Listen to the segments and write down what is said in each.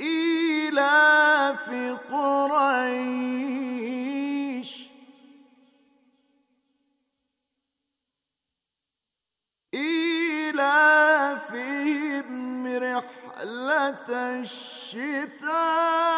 إيلاف قريش إيلافهم رحلة الشتاء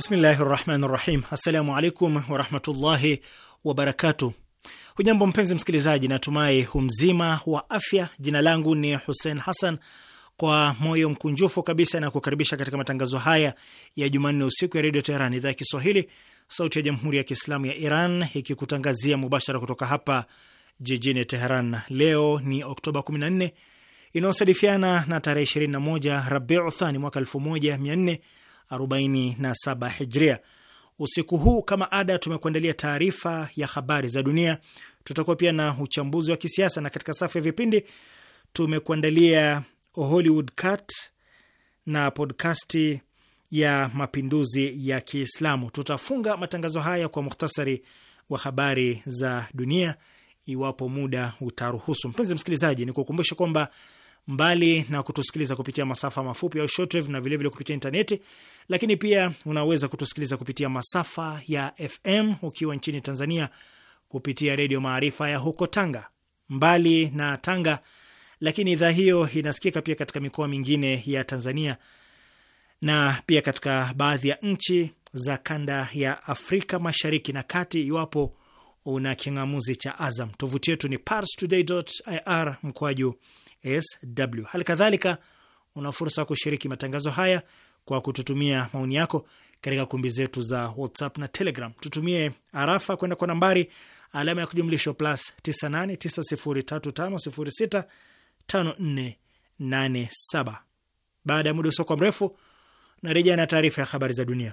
Bismillahi rahmani rahim. Assalamu alaikum warahmatullahi wabarakatu. Hujambo mpenzi msikilizaji, natumai humzima wa afya. Jina langu ni Hussein Hassan, kwa moyo mkunjufu kabisa na kukaribisha katika matangazo haya ya Jumanne usiku ya Redio Teheran, idhaa ya Kiswahili, sauti ya jamhuri ya Kiislamu ya Iran, ikikutangazia mubashara kutoka hapa jijini Teheran. Leo ni Oktoba 14 inayosadifiana na tarehe 21 Rabiu Thani mwaka 1400 47 Hijria. Usiku huu kama ada, tumekuandalia taarifa ya habari za dunia, tutakuwa pia na uchambuzi wa kisiasa, na katika safu ya vipindi tumekuandalia Hollywood Cut na podkasti ya mapinduzi ya Kiislamu. Tutafunga matangazo haya kwa muhtasari wa habari za dunia iwapo muda utaruhusu. Mpenzi msikilizaji, ni kukumbusha kwamba mbali na kutusikiliza kupitia masafa mafupi au shortwave na vilevile kupitia intaneti, lakini pia unaweza kutusikiliza kupitia masafa ya FM ukiwa nchini Tanzania kupitia Redio Maarifa ya huko Tanga. Mbali na Tanga, lakini idhaa hiyo inasikika pia katika mikoa mingine ya Tanzania na pia katika baadhi ya nchi za kanda ya Afrika Mashariki na Kati, iwapo una king'amuzi cha Azam. Tovuti yetu ni parstoday.ir mkwaju sw. Hali kadhalika una fursa ya kushiriki matangazo haya kwa kututumia maoni yako katika kumbi zetu za WhatsApp na Telegram. Tutumie arafa kwenda kwa nambari alama ya kujumlisho plus 989035065487. Baada ya muda usio mrefu, narejea na taarifa ya habari za dunia.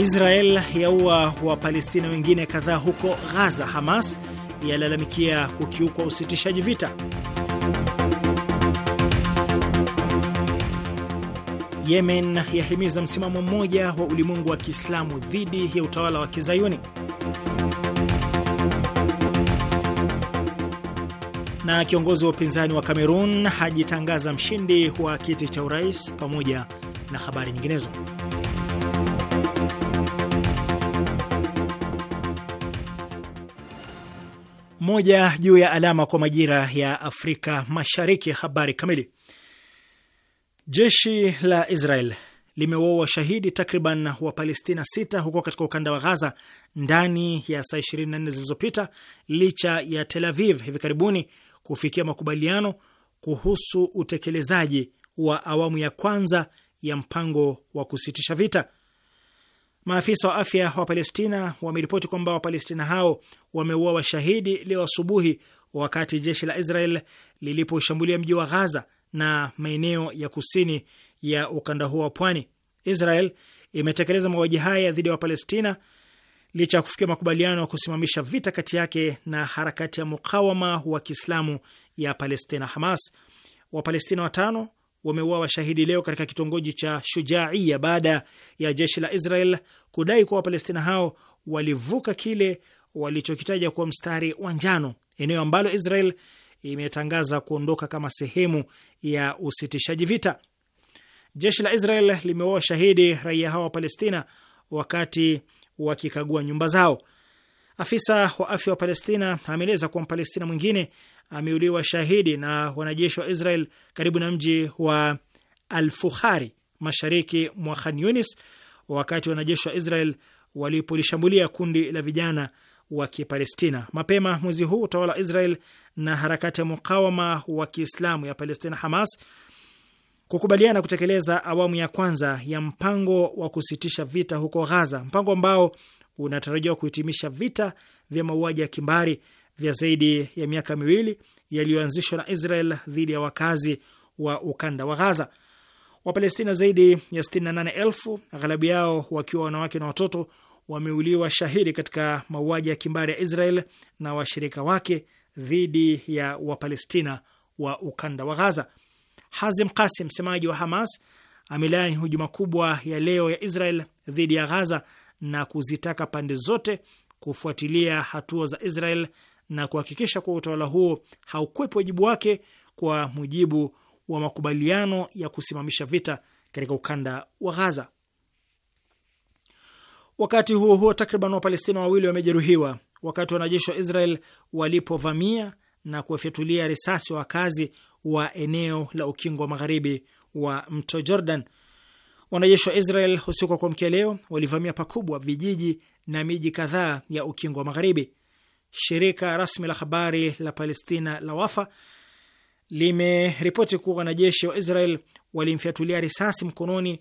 Israel yaua Wapalestina wengine kadhaa huko Ghaza. Hamas yalalamikia kukiukwa usitishaji vita. Yemen yahimiza msimamo mmoja wa ulimwengu wa Kiislamu dhidi ya utawala wa Kizayuni. Na kiongozi wa upinzani wa Kamerun hajitangaza mshindi wa kiti cha urais, pamoja na habari nyinginezo. moja juu ya alama kwa majira ya Afrika Mashariki. Habari kamili. Jeshi la Israel limewaua shahidi takriban wa palestina sita huko katika ukanda wa Ghaza ndani ya saa 24 zilizopita licha ya Tel Aviv hivi karibuni kufikia makubaliano kuhusu utekelezaji wa awamu ya kwanza ya mpango wa kusitisha vita. Maafisa wa afya wa Palestina wameripoti kwamba Wapalestina hao wameua washahidi leo asubuhi wakati jeshi la Israel liliposhambulia mji wa Ghaza na maeneo ya kusini ya ukanda huo wa pwani. Israel imetekeleza mauaji haya dhidi ya Wapalestina licha ya kufikia makubaliano ya kusimamisha vita kati yake na harakati ya mukawama wa Kiislamu ya Palestina, Hamas. Wapalestina watano wameuawa shahidi leo katika kitongoji cha Shujaia baada ya jeshi la Israel kudai kuwa Wapalestina hao walivuka kile walichokitaja kuwa mstari wa njano, eneo ambalo Israel imetangaza kuondoka kama sehemu ya usitishaji vita. Jeshi la Israel limeua shahidi raia hao wa Palestina wakati wakikagua nyumba zao. Afisa wa afya wa Palestina ameeleza kuwa Mpalestina mwingine ameuliwa shahidi na wanajeshi wa Israel karibu na mji wa alfuhari mashariki mwa Khan Yunis, wakati wanajeshi wa Israel walipolishambulia kundi la vijana wa Kipalestina. Mapema mwezi huu utawala wa Israel na harakati ya mukawama wa Kiislamu ya Palestina, Hamas, kukubaliana kutekeleza awamu ya kwanza ya mpango wa kusitisha vita huko Ghaza, mpango ambao unatarajiwa kuhitimisha vita vya mauaji ya kimbari vya zaidi ya miaka miwili yaliyoanzishwa na Israel dhidi ya wakazi wa ukanda wa Ghaza. Wapalestina zaidi ya 68,000 aghalabu yao wakiwa wanawake na watoto wameuliwa shahidi katika mauaji ya kimbari ya Israel na washirika wake dhidi ya Wapalestina wa ukanda wa Ghaza. Hazim Kasim, msemaji wa Hamas, amelaani hujuma kubwa ya leo ya Israel dhidi ya Ghaza na kuzitaka pande zote kufuatilia hatua za Israel na kuhakikisha kuwa utawala huo haukwepi wajibu wake kwa mujibu wa makubaliano ya kusimamisha vita katika ukanda wa Ghaza. Wakati huo huo, takriban Wapalestina wawili wamejeruhiwa wakati wanajeshi wa Israel walipovamia na kuwafyatulia risasi wakazi wa eneo la ukingo wa magharibi wa mto Jordan. Wanajeshi wa Israel usiku wa kuamkia leo walivamia pakubwa vijiji na miji kadhaa ya ukingo wa magharibi. Shirika rasmi la habari la Palestina la Wafa limeripoti kuwa wanajeshi wa Israel walimfyatulia risasi mkononi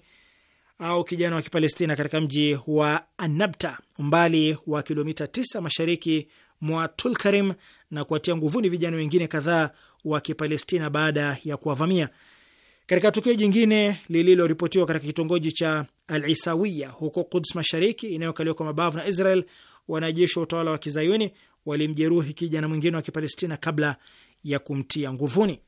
au kijana wa Kipalestina katika mji wa Anabta umbali wa kilomita 9 mashariki mwa Tulkarim na kuwatia nguvuni vijana wengine kadhaa wa Kipalestina baada ya kuwavamia. Katika tukio jingine lililoripotiwa katika kitongoji cha Al Isawiya huko Kuds mashariki inayokaliwa kwa mabavu na Israel, wanajeshi wa utawala wa kizayuni walimjeruhi kijana mwingine wa Kipalestina kabla ya kumtia nguvuni.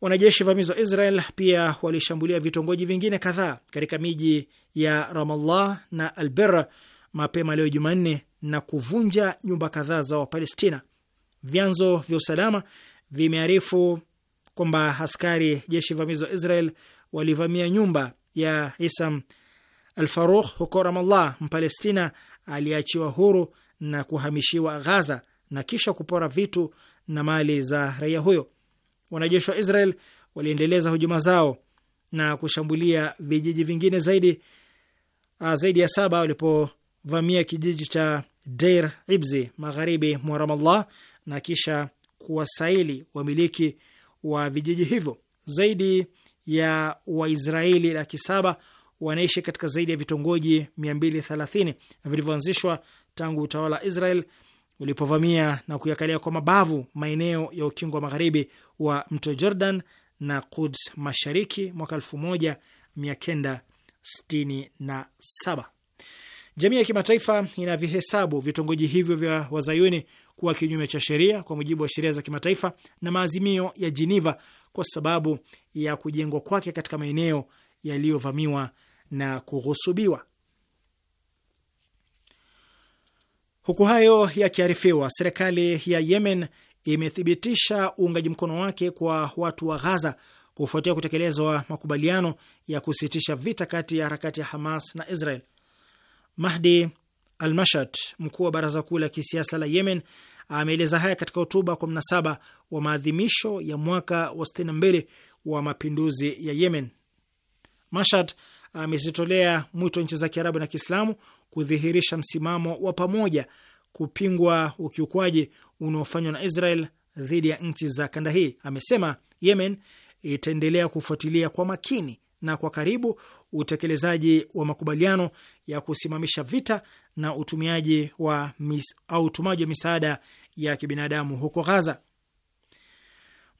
Wanajeshi vamizi wa Israel pia walishambulia vitongoji vingine kadhaa katika miji ya Ramallah na Alber mapema leo Jumanne na kuvunja nyumba kadhaa za Wapalestina. Vyanzo vya usalama vimearifu kwamba askari jeshi vamizi wa Israel walivamia nyumba ya Isam Alfarukh huko Ramallah, Mpalestina aliyeachiwa huru na kuhamishiwa Ghaza na kisha kupora vitu na mali za raia huyo. Wanajeshi wa Israel waliendeleza hujuma zao na kushambulia vijiji vingine zaidi ah, zaidi ya saba walipovamia kijiji cha Deir Ibzi magharibi mwa Ramallah na kisha kuwasaili wamiliki wa vijiji hivyo. Zaidi ya Waisraeli laki saba wanaishi katika zaidi ya vitongoji 230 vilivyoanzishwa tangu utawala wa Israel ulipovamia na kuyakalia kwa mabavu maeneo ya ukingo wa magharibi wa mto Jordan na Quds mashariki mwaka 1967. Jamii ya kimataifa inavihesabu vitongoji hivyo vya wazayuni kuwa kinyume cha sheria kwa mujibu wa sheria za kimataifa na maazimio ya Geneva kwa sababu ya kujengwa kwake katika maeneo yaliyovamiwa na kughusubiwa. Huku hayo yakiarifiwa, serikali ya Yemen imethibitisha uungaji mkono wake kwa watu wa Ghaza kufuatia kutekelezwa makubaliano ya kusitisha vita kati ya harakati ya Hamas na Israel. Mahdi Almashat, mkuu wa baraza kuu la kisiasa la Yemen, ameeleza haya katika hotuba kwa mnasaba wa maadhimisho ya mwaka wa 62 wa mapinduzi ya Yemen. Mashat amezitolea mwito nchi za Kiarabu na Kiislamu kudhihirisha msimamo wa pamoja kupingwa ukiukwaji unaofanywa na Israel dhidi ya nchi za kanda hii. Amesema Yemen itaendelea kufuatilia kwa makini na kwa karibu utekelezaji wa makubaliano ya kusimamisha vita na utumiaji wa mis, au utumaji wa misaada ya kibinadamu huko Gaza.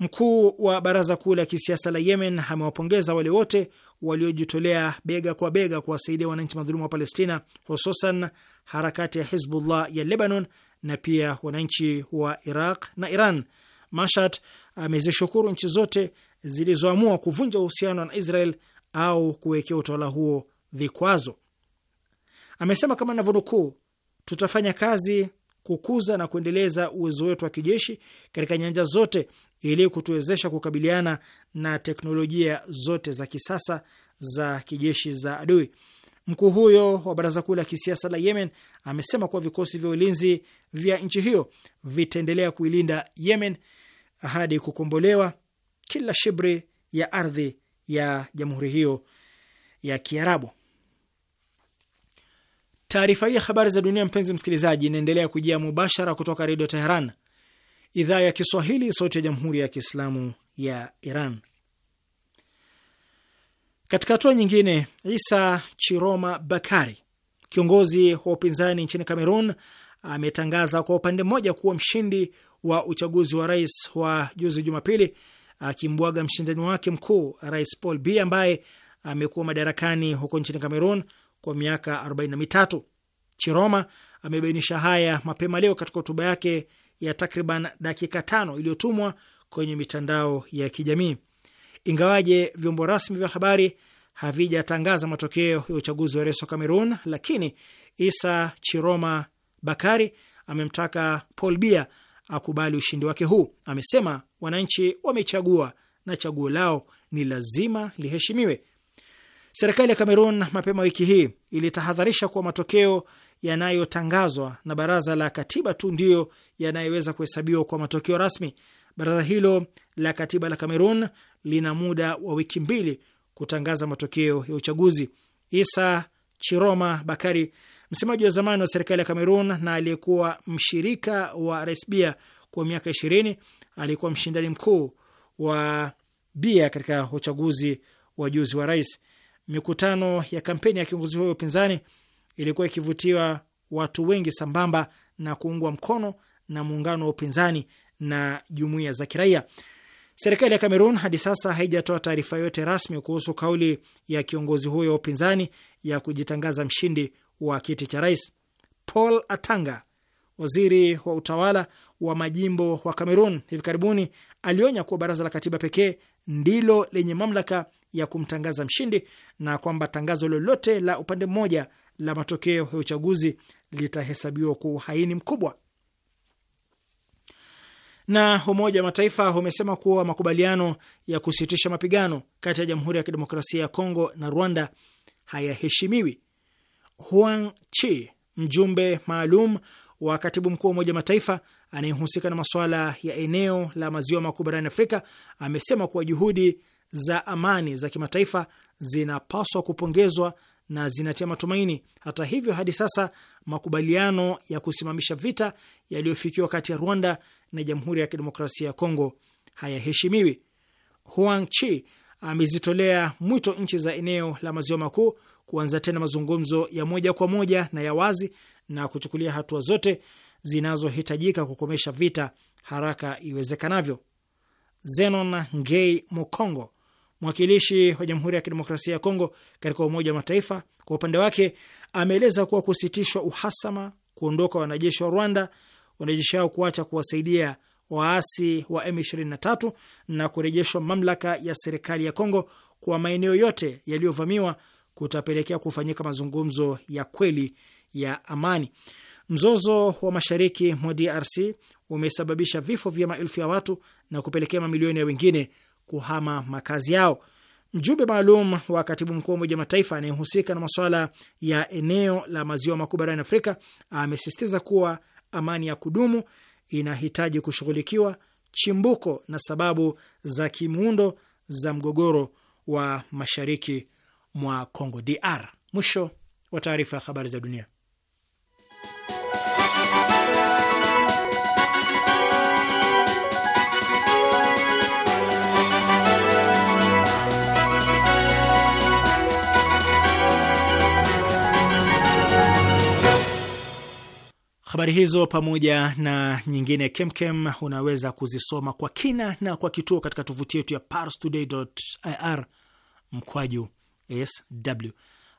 Mkuu wa baraza kuu la kisiasa la Yemen amewapongeza wale wote waliojitolea bega kwa bega kuwasaidia wananchi madhulumu wa Palestina, hususan harakati ya Hizbullah ya Lebanon na pia wananchi wa Iraq na Iran. Mashat amezishukuru nchi zote zilizoamua kuvunja uhusiano na Israel au kuwekea utawala huo vikwazo. Amesema kama navyonukuu, tutafanya kazi kukuza na kuendeleza uwezo wetu wa kijeshi katika nyanja zote ili kutuwezesha kukabiliana na teknolojia zote za kisasa za kijeshi za adui. Mkuu huyo wa baraza kuu la kisiasa la Yemen amesema kuwa vikosi vya ulinzi vya nchi hiyo vitaendelea kuilinda Yemen hadi kukombolewa kila shibri ya ardhi ya jamhuri hiyo ya Kiarabu. Taarifa hii ya habari za dunia, mpenzi msikilizaji, inaendelea kujia mubashara kutoka Redio Teheran, idhaa ya Kiswahili, sauti ya jamhuri ya kiislamu ya Iran. Katika hatua nyingine, Isa Chiroma Bakari, kiongozi wa upinzani nchini Kamerun, ametangaza kwa upande mmoja kuwa mshindi wa uchaguzi wa rais wa juzi Jumapili, akimbwaga mshindani wake mkuu Rais Paul b ambaye amekuwa madarakani huko nchini Kamerun kwa miaka 43. Chiroma amebainisha haya mapema leo katika hotuba yake ya takriban dakika tano iliyotumwa kwenye mitandao ya kijamii. Ingawaje vyombo rasmi vya habari havijatangaza matokeo ya uchaguzi wa rais wa Kamerun, lakini Isa Chiroma Bakari amemtaka Paul Bia akubali ushindi wake huu. Amesema wananchi wamechagua na chaguo lao ni lazima liheshimiwe. Serikali ya Kamerun mapema wiki hii ilitahadharisha kuwa matokeo yanayotangazwa na baraza la katiba tu ndiyo yanayoweza kuhesabiwa kwa matokeo rasmi. Baraza hilo la katiba la Kamerun lina muda wa wiki mbili kutangaza matokeo ya uchaguzi. Isa Chiroma Bakari, msemaji wa zamani wa serikali ya Kamerun na aliyekuwa mshirika wa Rais Bia kwa miaka ishirini, alikuwa mshindani mkuu wa Bia katika uchaguzi wa juzi wa rais. Mikutano ya kampeni ya kiongozi huyo wa upinzani ilikuwa ikivutiwa watu wengi sambamba na kuungwa mkono na muungano wa upinzani na jumuiya za kiraia. Serikali ya Kamerun hadi sasa haijatoa taarifa yote rasmi kuhusu kauli ya kiongozi huyo wa upinzani ya kujitangaza mshindi wa kiti cha rais. Paul Atanga, waziri wa utawala wa majimbo wa Kamerun, hivi karibuni alionya kuwa baraza la katiba pekee ndilo lenye mamlaka ya kumtangaza mshindi na kwamba tangazo lolote la upande mmoja la matokeo ya uchaguzi litahesabiwa kwa uhaini mkubwa. Na Umoja wa Mataifa umesema kuwa makubaliano ya kusitisha mapigano kati ya Jamhuri ya Kidemokrasia ya Kongo na Rwanda hayaheshimiwi. Huang Chi, mjumbe maalum wa katibu mkuu wa Umoja Mataifa anayehusika na masuala ya eneo la maziwa makuu barani Afrika amesema kuwa juhudi za amani za kimataifa zinapaswa kupongezwa na zinatia matumaini. Hata hivyo, hadi sasa makubaliano ya kusimamisha vita yaliyofikiwa kati ya Rwanda na Jamhuri ya Kidemokrasia ya Kongo hayaheshimiwi. Huang Chi amezitolea mwito nchi za eneo la maziwa makuu kuanza tena mazungumzo ya moja kwa moja na ya wazi na kuchukulia hatua zote zinazohitajika kukomesha vita haraka iwezekanavyo. Zenon Ngei Mokongo Mwakilishi wa Jamhuri ya Kidemokrasia ya Kongo katika Umoja wa Mataifa kwa upande wake ameeleza kuwa kusitishwa uhasama, kuondoka wanajeshi wa Rwanda, wanajeshi hao kuacha kuwasaidia waasi wa M23 na kurejeshwa mamlaka ya serikali ya Kongo kwa maeneo yote yaliyovamiwa kutapelekea kufanyika mazungumzo ya kweli ya amani. Mzozo wa mashariki mwa DRC umesababisha vifo vya maelfu ya watu na kupelekea mamilioni ya wengine kuhama makazi yao. Mjumbe maalum wa katibu mkuu wa Umoja Mataifa anayehusika na masuala ya eneo la maziwa makuu barani Afrika amesisitiza kuwa amani ya kudumu inahitaji kushughulikiwa chimbuko na sababu za kimuundo za mgogoro wa mashariki mwa Congo DR. Mwisho wa taarifa ya habari za dunia. Habari hizo pamoja na nyingine kemkem unaweza kuzisoma kwa kina na kwa kituo katika tovuti yetu ya parstoday.ir mkwaju sw.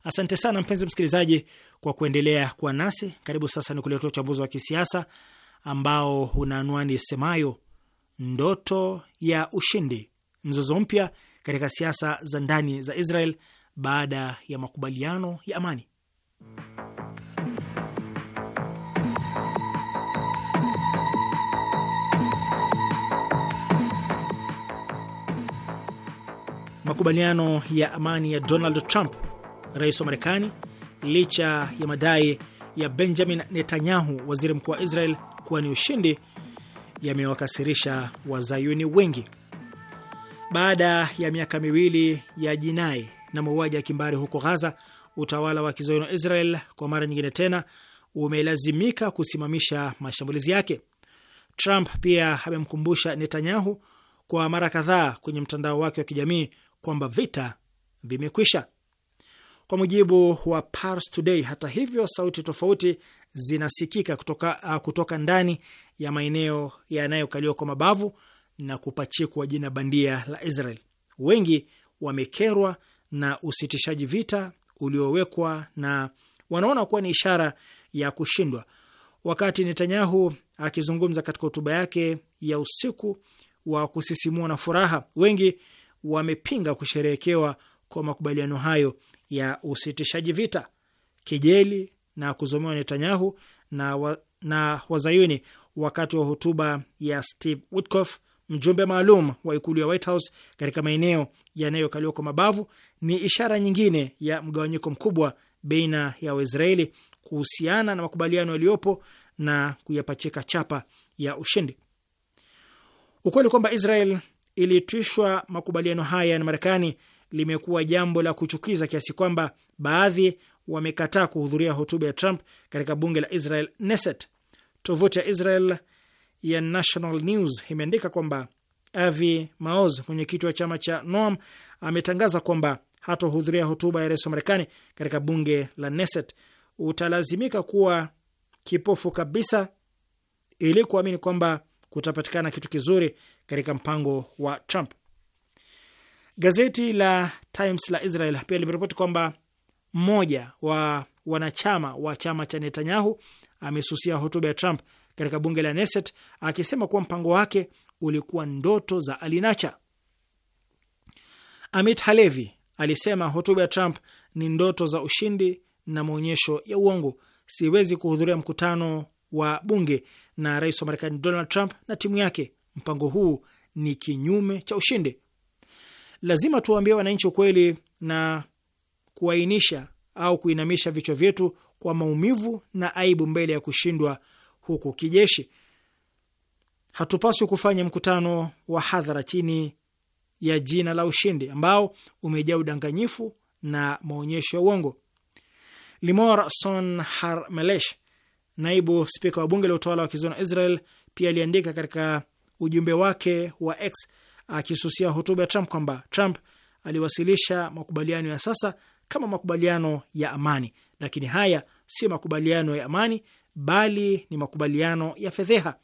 Asante sana mpenzi msikilizaji kwa kuendelea kuwa nasi. Karibu sasa ni kuletea uchambuzi wa kisiasa ambao una anwani semayo ndoto ya ushindi, mzozo mpya katika siasa za ndani za Israel baada ya makubaliano ya amani. makubaliano ya amani ya Donald Trump, rais wa Marekani, licha ya madai ya Benjamin Netanyahu, waziri mkuu wa Israel, kuwa ni ushindi, yamewakasirisha wazayuni wengi. Baada ya miaka miwili ya jinai na mauaji ya kimbari huko Ghaza, utawala wa kizayuni wa Israel kwa mara nyingine tena umelazimika kusimamisha mashambulizi yake. Trump pia amemkumbusha Netanyahu kwa mara kadhaa kwenye mtandao wake wa kijamii kwamba vita vimekwisha, kwa mujibu wa Pars Today. Hata hivyo, sauti tofauti zinasikika kutoka, uh, kutoka ndani ya maeneo yanayokaliwa kwa mabavu na kupachikwa jina bandia la Israel. Wengi wamekerwa na usitishaji vita uliowekwa na wanaona kuwa ni ishara ya kushindwa. Wakati Netanyahu akizungumza katika hotuba yake ya usiku wa kusisimua na furaha, wengi wamepinga kusherehekewa kwa makubaliano hayo ya usitishaji vita. Kejeli na kuzomewa Netanyahu na, wa, na wazayuni wakati wa hotuba ya Steve Witkoff, mjumbe maalum wa ikulu ya White House katika maeneo yanayokaliwa kwa mabavu, ni ishara nyingine ya mgawanyiko mkubwa baina ya Waisraeli kuhusiana na makubaliano yaliyopo na kuyapachika chapa ya ushindi. Ukweli kwamba Israel iliitishwa makubaliano haya na Marekani limekuwa jambo la kuchukiza kiasi kwamba baadhi wamekataa kuhudhuria hotuba ya Trump katika bunge la Israel Knesset. Tovuti ya Israel ya National News imeandika kwamba Avi Maoz, mwenyekiti wa chama cha Noam, ametangaza kwamba hatohudhuria hotuba ya rais wa Marekani katika bunge la Knesset. Utalazimika kuwa kipofu kabisa ili kuamini kwamba kutapatikana kitu kizuri katika mpango wa Trump. Gazeti la Times la Israel pia limeripoti kwamba mmoja wa wanachama wa chama cha Netanyahu amesusia hotuba ya Trump katika bunge la Knesset akisema kuwa mpango wake ulikuwa ndoto za alinacha. Amit Halevi alisema hotuba ya Trump ni ndoto za ushindi na maonyesho ya uongo. Siwezi kuhudhuria mkutano wa bunge na rais wa Marekani Donald Trump na timu yake. Mpango huu ni kinyume cha ushindi. Lazima tuwaambie wananchi ukweli na kuainisha au kuinamisha vichwa vyetu kwa maumivu na aibu mbele ya kushindwa huku kijeshi. Hatupaswi kufanya mkutano wa hadhara chini ya jina la ushindi ambao umejaa udanganyifu na maonyesho ya uongo. Limor Son Harmelesh Naibu spika wa bunge la utawala wa kizona Israel pia aliandika katika ujumbe wake wa X akisusia hotuba ya Trump kwamba Trump aliwasilisha makubaliano ya sasa kama makubaliano ya amani, lakini haya si makubaliano ya amani, bali ni makubaliano ya fedheha.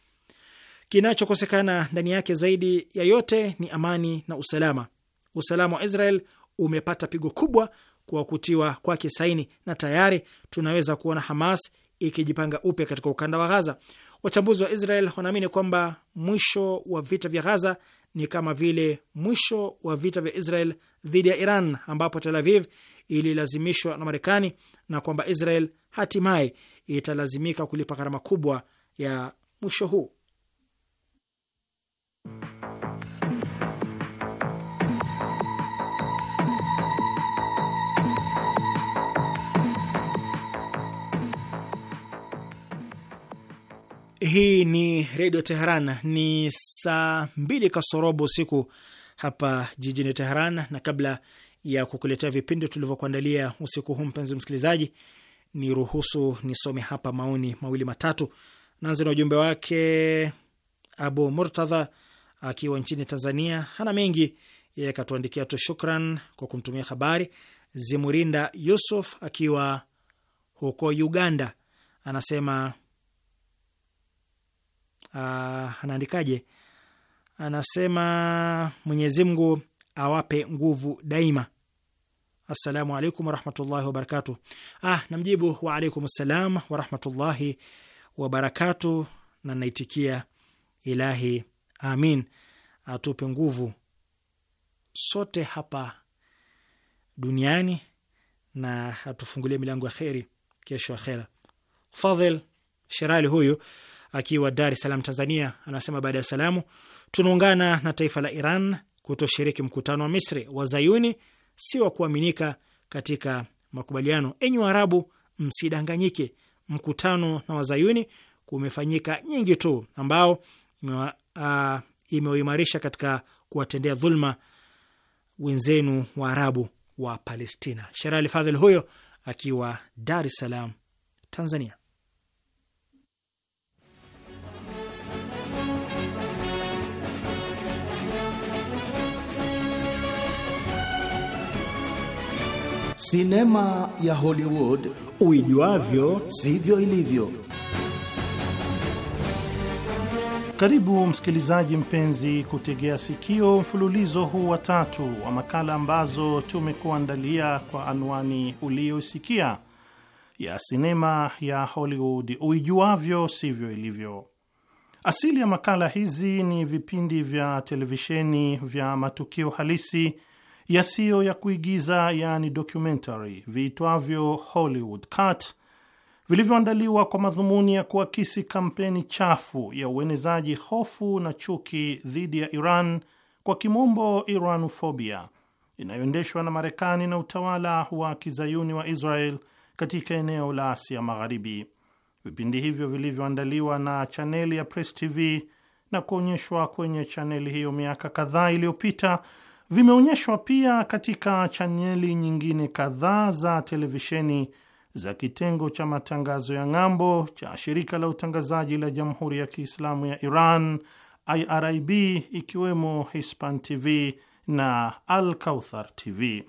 Kinachokosekana ndani yake zaidi ya yote ni amani na usalama. Usalama wa Israel umepata pigo kubwa kwa kutiwa kwake saini, na tayari tunaweza kuona Hamas ikijipanga upya katika ukanda wa Ghaza. Wachambuzi wa Israel wanaamini kwamba mwisho wa vita vya Ghaza ni kama vile mwisho wa vita vya Israel dhidi ya Iran, ambapo Tel Aviv ililazimishwa na Marekani na kwamba Israel hatimaye italazimika kulipa gharama kubwa ya mwisho huu. Hii ni Redio Teheran. Ni saa mbili kasorobo usiku hapa jijini Teheran, na kabla ya kukuletea vipindi tulivyokuandalia usiku huu, mpenzi msikilizaji, ni ruhusu nisome hapa maoni mawili matatu. Naanze na ujumbe wake Abu Murtadha akiwa nchini Tanzania, hana mengi yeye, akatuandikia tu shukran kwa kumtumia habari. Zimurinda Yusuf akiwa huko Uganda anasema Ah, anaandikaje? Anasema Mwenyezi Mungu awape nguvu daima. Assalamu alaikum warahmatullahi wabarakatuh. Ah, namjibu wa alaikum salam warahmatullahi wabarakatuh, na naitikia ilahi amin. Atupe nguvu sote hapa duniani na atufungulie milango ya kheri kesho akhera. Fadhil Sherali huyu akiwa Dar es Salaam, Tanzania, anasema baada ya salamu, tunaungana na taifa la Iran kutoshiriki mkutano wa Misri. Wazayuni si wa kuaminika katika makubaliano. Enyi Waarabu, msidanganyike. Mkutano na wazayuni kumefanyika nyingi tu, ambao imeuimarisha uh, katika kuwatendea dhulma wenzenu Waarabu wa Palestina. Sherali Fadhil huyo akiwa Dar es Salaam, Tanzania. Sinema ya Hollywood uijuavyo sivyo ilivyo. Karibu msikilizaji mpenzi kutegea sikio mfululizo huu wa tatu wa makala ambazo tumekuandalia kwa anwani uliyosikia ya sinema ya Hollywood uijuavyo sivyo ilivyo. Asili ya makala hizi ni vipindi vya televisheni vya matukio halisi yasiyo ya kuigiza yani documentary viitwavyo Hollywood Cut vilivyoandaliwa kwa madhumuni ya kuakisi kampeni chafu ya uenezaji hofu na chuki dhidi ya Iran, kwa kimombo Iranofobia, inayoendeshwa na Marekani na utawala wa kizayuni wa Israel katika eneo la Asia Magharibi. Vipindi hivyo vilivyoandaliwa na chaneli ya Press TV na kuonyeshwa kwenye chaneli hiyo miaka kadhaa iliyopita vimeonyeshwa pia katika chaneli nyingine kadhaa za televisheni za kitengo cha matangazo ya ng'ambo cha shirika la utangazaji la Jamhuri ya Kiislamu ya Iran IRIB ikiwemo Hispan TV na Al Kauthar TV.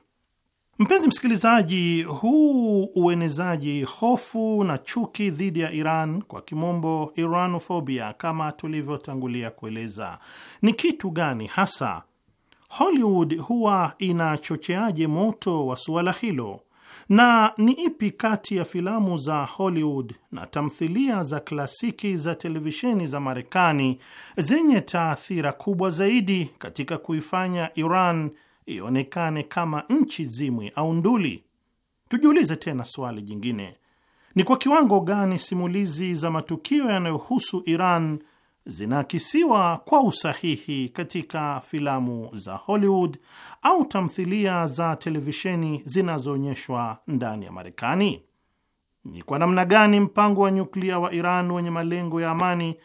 Mpenzi msikilizaji, huu uenezaji hofu na chuki dhidi ya Iran, kwa kimombo Iranofobia, kama tulivyotangulia kueleza, ni kitu gani hasa? Hollywood huwa inachocheaje moto wa suala hilo, na ni ipi kati ya filamu za Hollywood na tamthilia za klasiki za televisheni za Marekani zenye taathira kubwa zaidi katika kuifanya Iran ionekane kama nchi zimwi au nduli? Tujiulize tena swali jingine, ni kwa kiwango gani simulizi za matukio yanayohusu Iran zinaakisiwa kwa usahihi katika filamu za Hollywood au tamthilia za televisheni zinazoonyeshwa ndani ya Marekani? Ni kwa namna gani mpango wa nyuklia wa Iran wenye malengo ya amani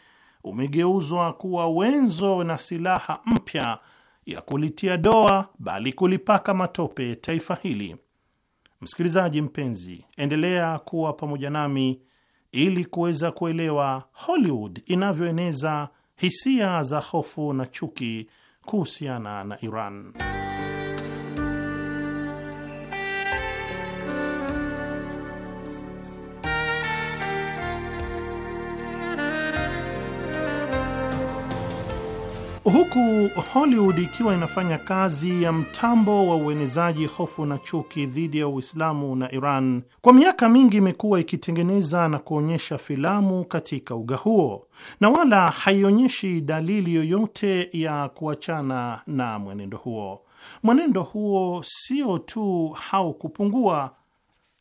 umegeuzwa kuwa wenzo na silaha mpya ya kulitia doa, bali kulipaka matope taifa hili? Msikilizaji mpenzi, endelea kuwa pamoja nami ili kuweza kuelewa Hollywood inavyoeneza hisia za hofu na chuki kuhusiana na Iran. Huku Hollywood ikiwa inafanya kazi ya mtambo wa uenezaji hofu na chuki dhidi ya Uislamu na Iran, kwa miaka mingi imekuwa ikitengeneza na kuonyesha filamu katika uga huo na wala haionyeshi dalili yoyote ya kuachana na mwenendo huo. Mwenendo huo sio tu haukupungua,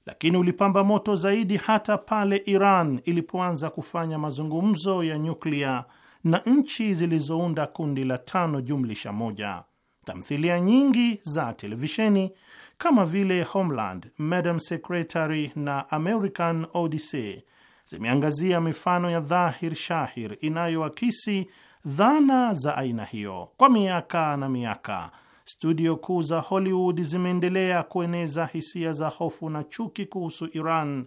lakini ulipamba moto zaidi hata pale Iran ilipoanza kufanya mazungumzo ya nyuklia na nchi zilizounda kundi la tano jumlisha moja. Tamthilia nyingi za televisheni kama vile Homeland, Madam Secretary na American Odyssey zimeangazia mifano ya dhahir shahir inayoakisi dhana za aina hiyo. Kwa miaka na miaka, studio kuu za Hollywood zimeendelea kueneza hisia za hofu na chuki kuhusu Iran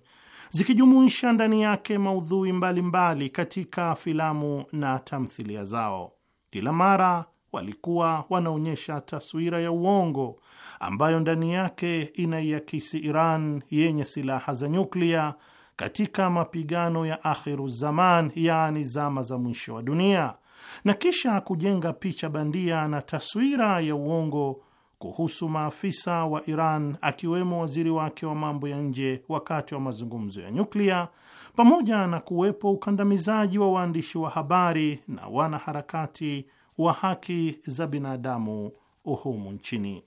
zikijumuisha ndani yake maudhui mbalimbali mbali katika filamu na tamthilia zao. Kila mara walikuwa wanaonyesha taswira ya uongo ambayo ndani yake inaiakisi Iran yenye silaha za nyuklia katika mapigano ya akhiru zaman, yaani zama za mwisho wa dunia, na kisha kujenga picha bandia na taswira ya uongo kuhusu maafisa wa Iran akiwemo waziri wake wa mambo ya nje wakati wa mazungumzo ya nyuklia, pamoja na kuwepo ukandamizaji wa waandishi wa habari na wanaharakati wa haki za binadamu humu nchini,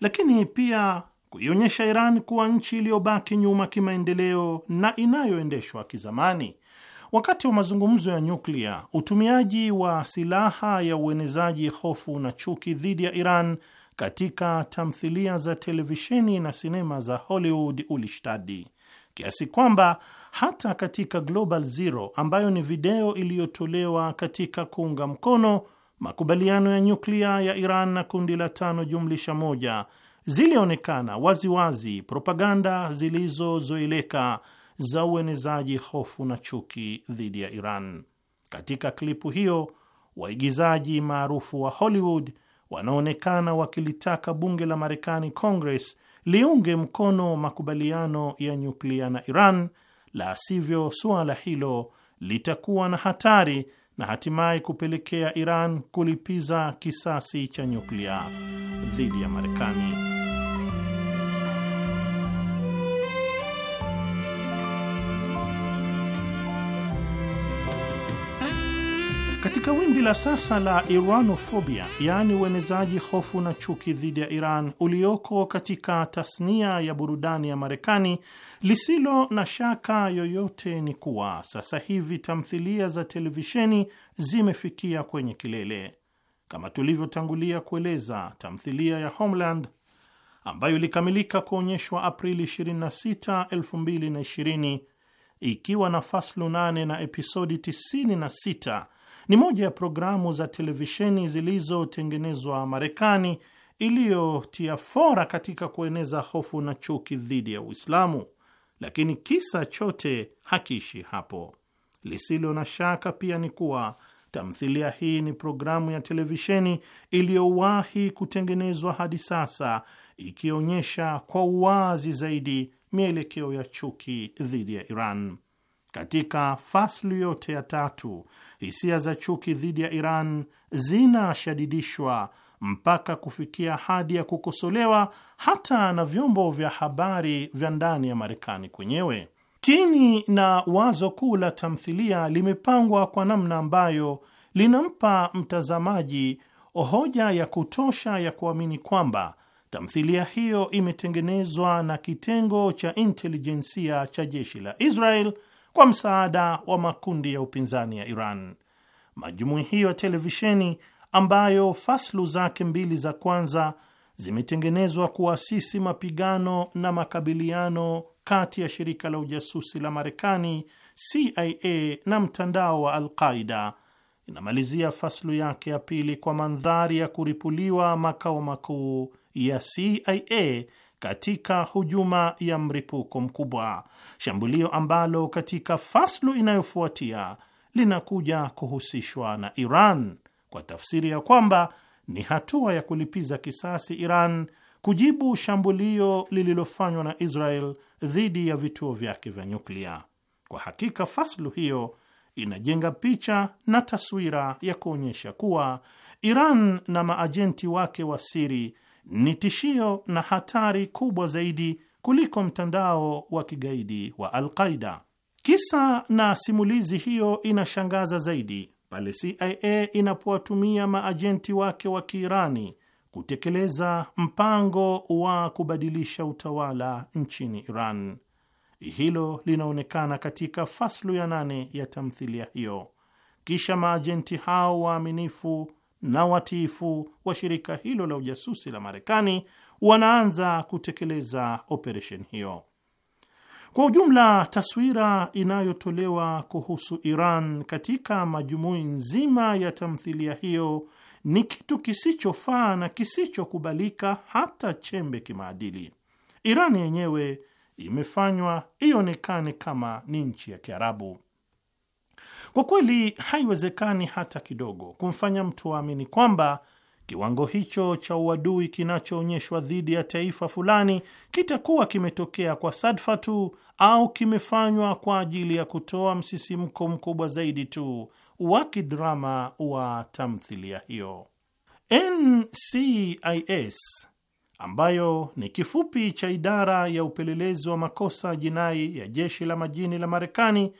lakini pia kuionyesha Iran kuwa nchi iliyobaki nyuma kimaendeleo na inayoendeshwa kizamani. Wakati wa mazungumzo ya nyuklia, utumiaji wa silaha ya uenezaji hofu na chuki dhidi ya Iran katika tamthilia za televisheni na sinema za Hollywood ulishtadi kiasi kwamba hata katika Global Zero ambayo ni video iliyotolewa katika kuunga mkono makubaliano ya nyuklia ya Iran na kundi la tano jumlisha moja zilionekana waziwazi propaganda zilizozoeleka za uenezaji hofu na chuki dhidi ya Iran. Katika klipu hiyo, waigizaji maarufu wa Hollywood wanaonekana wakilitaka bunge la Marekani, Congress, liunge mkono makubaliano ya nyuklia na Iran, la sivyo suala hilo litakuwa na hatari na hatimaye kupelekea Iran kulipiza kisasi cha nyuklia dhidi ya Marekani. Katika wimbi la sasa la Iranofobia, yaani uenezaji hofu na chuki dhidi ya Iran ulioko katika tasnia ya burudani ya Marekani, lisilo na shaka yoyote ni kuwa sasa hivi tamthilia za televisheni zimefikia kwenye kilele. Kama tulivyotangulia kueleza, tamthilia ya Homeland ambayo ilikamilika kuonyeshwa Aprili 26, 2020 ikiwa na faslu 8 na episodi 96 ni moja ya programu za televisheni zilizotengenezwa Marekani iliyotia fora katika kueneza hofu na chuki dhidi ya Uislamu. Lakini kisa chote hakiishi hapo. Lisilo na shaka pia ni kuwa tamthilia hii ni programu ya televisheni iliyowahi kutengenezwa hadi sasa, ikionyesha kwa uwazi zaidi mielekeo ya chuki dhidi ya Iran. Katika fasli yote ya tatu, hisia za chuki dhidi ya Iran zinashadidishwa mpaka kufikia hadi ya kukosolewa hata na vyombo vya habari vya ndani ya Marekani kwenyewe. Kini na wazo kuu la tamthilia limepangwa kwa namna ambayo linampa mtazamaji hoja ya kutosha ya kuamini kwamba tamthilia hiyo imetengenezwa na kitengo cha intelijensia cha jeshi la Israel kwa msaada wa makundi ya upinzani ya Iran. Majumui hiyo ya televisheni ambayo faslu zake mbili za kwanza zimetengenezwa kuasisi mapigano na makabiliano kati ya shirika la ujasusi la Marekani CIA na mtandao wa Alqaida inamalizia faslu yake ya pili kwa mandhari ya kuripuliwa makao makuu ya CIA katika hujuma ya mripuko mkubwa, shambulio ambalo katika faslu inayofuatia linakuja kuhusishwa na Iran kwa tafsiri ya kwamba ni hatua ya kulipiza kisasi Iran kujibu shambulio lililofanywa na Israel dhidi ya vituo vyake vya nyuklia. Kwa hakika faslu hiyo inajenga picha na taswira ya kuonyesha kuwa Iran na maajenti wake wa siri ni tishio na hatari kubwa zaidi kuliko mtandao wa kigaidi wa alqaida Kisa na simulizi hiyo inashangaza zaidi pale CIA inapowatumia maajenti wake wa Kiirani kutekeleza mpango wa kubadilisha utawala nchini Iran. Hilo linaonekana katika faslu ya nane ya tamthilia hiyo. Kisha maajenti hao waaminifu na watiifu wa shirika hilo la ujasusi la Marekani wanaanza kutekeleza operesheni hiyo. Kwa ujumla, taswira inayotolewa kuhusu Iran katika majumui nzima ya tamthilia hiyo ni kitu kisichofaa na kisichokubalika hata chembe kimaadili. Iran yenyewe imefanywa ionekane kama ni nchi ya Kiarabu. Kwa kweli haiwezekani hata kidogo kumfanya mtu aamini kwamba kiwango hicho cha uadui kinachoonyeshwa dhidi ya taifa fulani kitakuwa kimetokea kwa sadfa tu au kimefanywa kwa ajili ya kutoa msisimko mkubwa zaidi tu wa kidrama wa tamthilia hiyo. NCIS ambayo ni kifupi cha idara ya upelelezi wa makosa jinai ya jeshi la majini la Marekani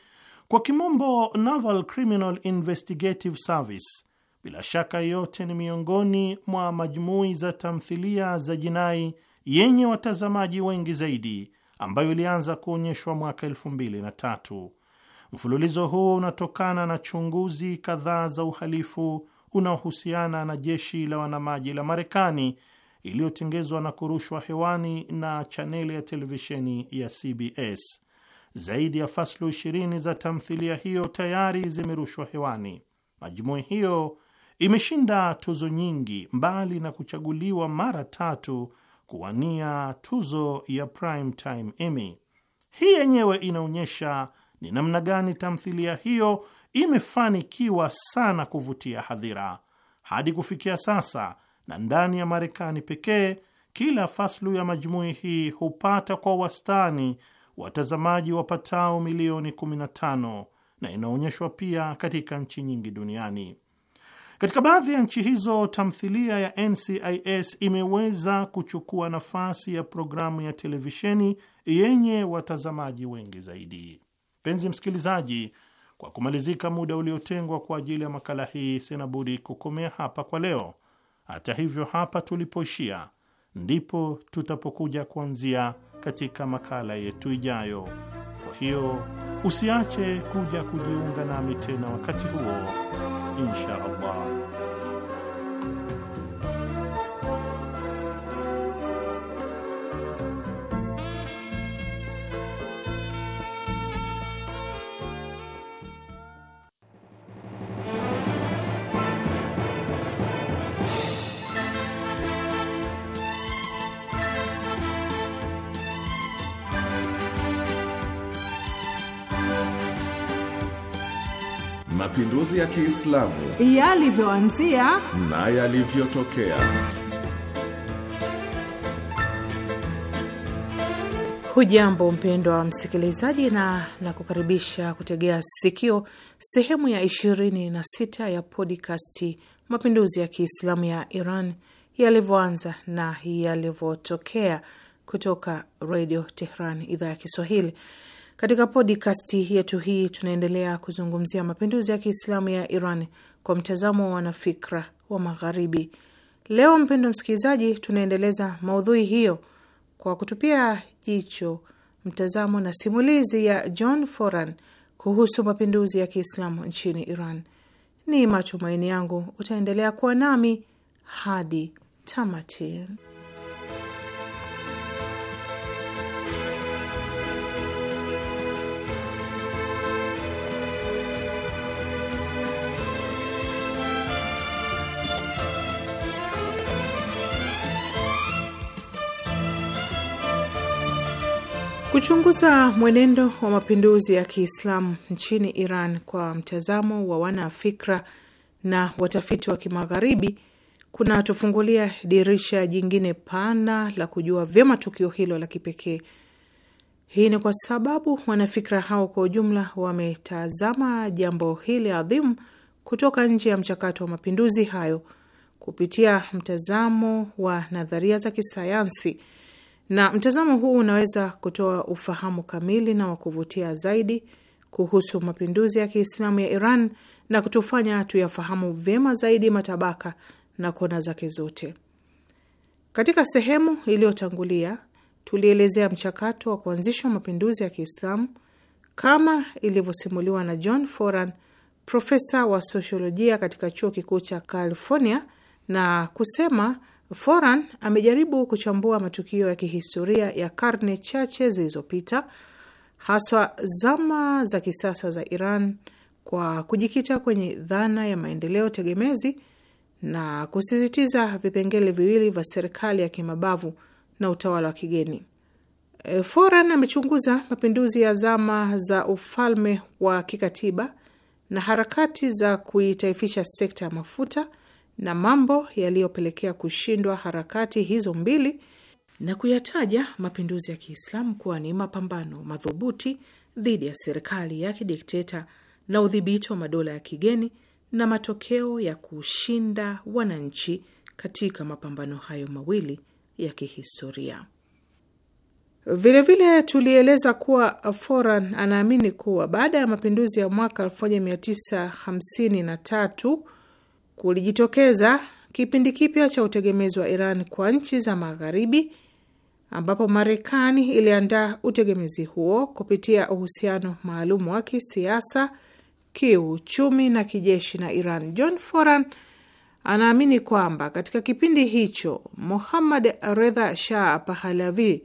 kwa kimombo Naval Criminal Investigative Service, bila shaka yote ni miongoni mwa majumui za tamthilia za jinai yenye watazamaji wengi zaidi ambayo ilianza kuonyeshwa mwaka elfu mbili na tatu. Mfululizo huo unatokana na chunguzi kadhaa za uhalifu unaohusiana na jeshi la wanamaji la Marekani iliyotengezwa na kurushwa hewani na chaneli ya televisheni ya CBS zaidi ya faslu ishirini za tamthilia hiyo tayari zimerushwa hewani. Majumui hiyo imeshinda tuzo nyingi, mbali na kuchaguliwa mara tatu kuwania tuzo ya Primetime Emmy. Hii yenyewe inaonyesha ni namna gani tamthilia hiyo imefanikiwa sana kuvutia hadhira hadi kufikia sasa, na ndani ya Marekani pekee kila faslu ya majumui hii hupata kwa wastani watazamaji wapatao milioni 15 na inaonyeshwa pia katika nchi nyingi duniani. Katika baadhi ya nchi hizo, tamthilia ya NCIS imeweza kuchukua nafasi ya programu ya televisheni yenye watazamaji wengi zaidi. Mpenzi msikilizaji, kwa kumalizika muda uliotengwa kwa ajili ya makala hii, sina budi kukomea hapa kwa leo. Hata hivyo, hapa tulipoishia ndipo tutapokuja kuanzia katika makala yetu ijayo. Kwa hiyo usiache kuja kujiunga nami tena wakati huo, insha Allah. mapinduzi ya Kiislamu yalivyoanzia na yalivyotokea. Hujambo mpendwa msikilizaji, na nakukaribisha kutegea sikio sehemu ya 26 ya podcast mapinduzi ya Kiislamu ya Iran yalivyoanza na yalivyotokea kutoka Redio Tehran idhaa ya Kiswahili. Katika podkasti yetu hii tunaendelea kuzungumzia mapinduzi ya Kiislamu ya Iran kwa mtazamo wa wanafikra wa Magharibi. Leo mpendo msikilizaji, tunaendeleza maudhui hiyo kwa kutupia jicho mtazamo na simulizi ya John Foran kuhusu mapinduzi ya Kiislamu nchini Iran. Ni matumaini yangu utaendelea kuwa nami hadi tamati. Kuchunguza mwenendo wa mapinduzi ya Kiislamu nchini Iran kwa mtazamo wa wanafikra na watafiti wa Kimagharibi kunatufungulia dirisha jingine pana la kujua vyema tukio hilo la kipekee. Hii ni kwa sababu wanafikra hao kwa ujumla wametazama jambo hili adhimu kutoka nje ya mchakato wa mapinduzi hayo kupitia mtazamo wa nadharia za kisayansi na mtazamo huu unaweza kutoa ufahamu kamili na wa kuvutia zaidi kuhusu mapinduzi ya Kiislamu ya Iran na kutufanya tuyafahamu vyema zaidi matabaka na kona zake zote. Katika sehemu iliyotangulia, tulielezea mchakato wa kuanzishwa mapinduzi ya Kiislamu kama ilivyosimuliwa na John Foran, profesa wa sosiolojia katika chuo kikuu cha California, na kusema Foran amejaribu kuchambua matukio ya kihistoria ya karne chache zilizopita, haswa zama za kisasa za Iran kwa kujikita kwenye dhana ya maendeleo tegemezi na kusisitiza vipengele viwili vya serikali ya kimabavu na utawala wa kigeni. E, Foran amechunguza mapinduzi ya zama za ufalme wa kikatiba na harakati za kuitaifisha sekta ya mafuta na mambo yaliyopelekea kushindwa harakati hizo mbili na kuyataja mapinduzi ya Kiislamu kuwa ni mapambano madhubuti dhidi ya serikali ya kidikteta na udhibiti wa madola ya kigeni na matokeo ya kushinda wananchi katika mapambano hayo mawili ya kihistoria. Vilevile tulieleza kuwa Foran anaamini kuwa baada ya mapinduzi ya mwaka 1953 kulijitokeza kipindi kipya cha utegemezi wa Iran kwa nchi za Magharibi, ambapo Marekani iliandaa utegemezi huo kupitia uhusiano maalum wa kisiasa, kiuchumi na kijeshi na Iran. John Foran anaamini kwamba katika kipindi hicho Muhammad Redha Shah Pahalavi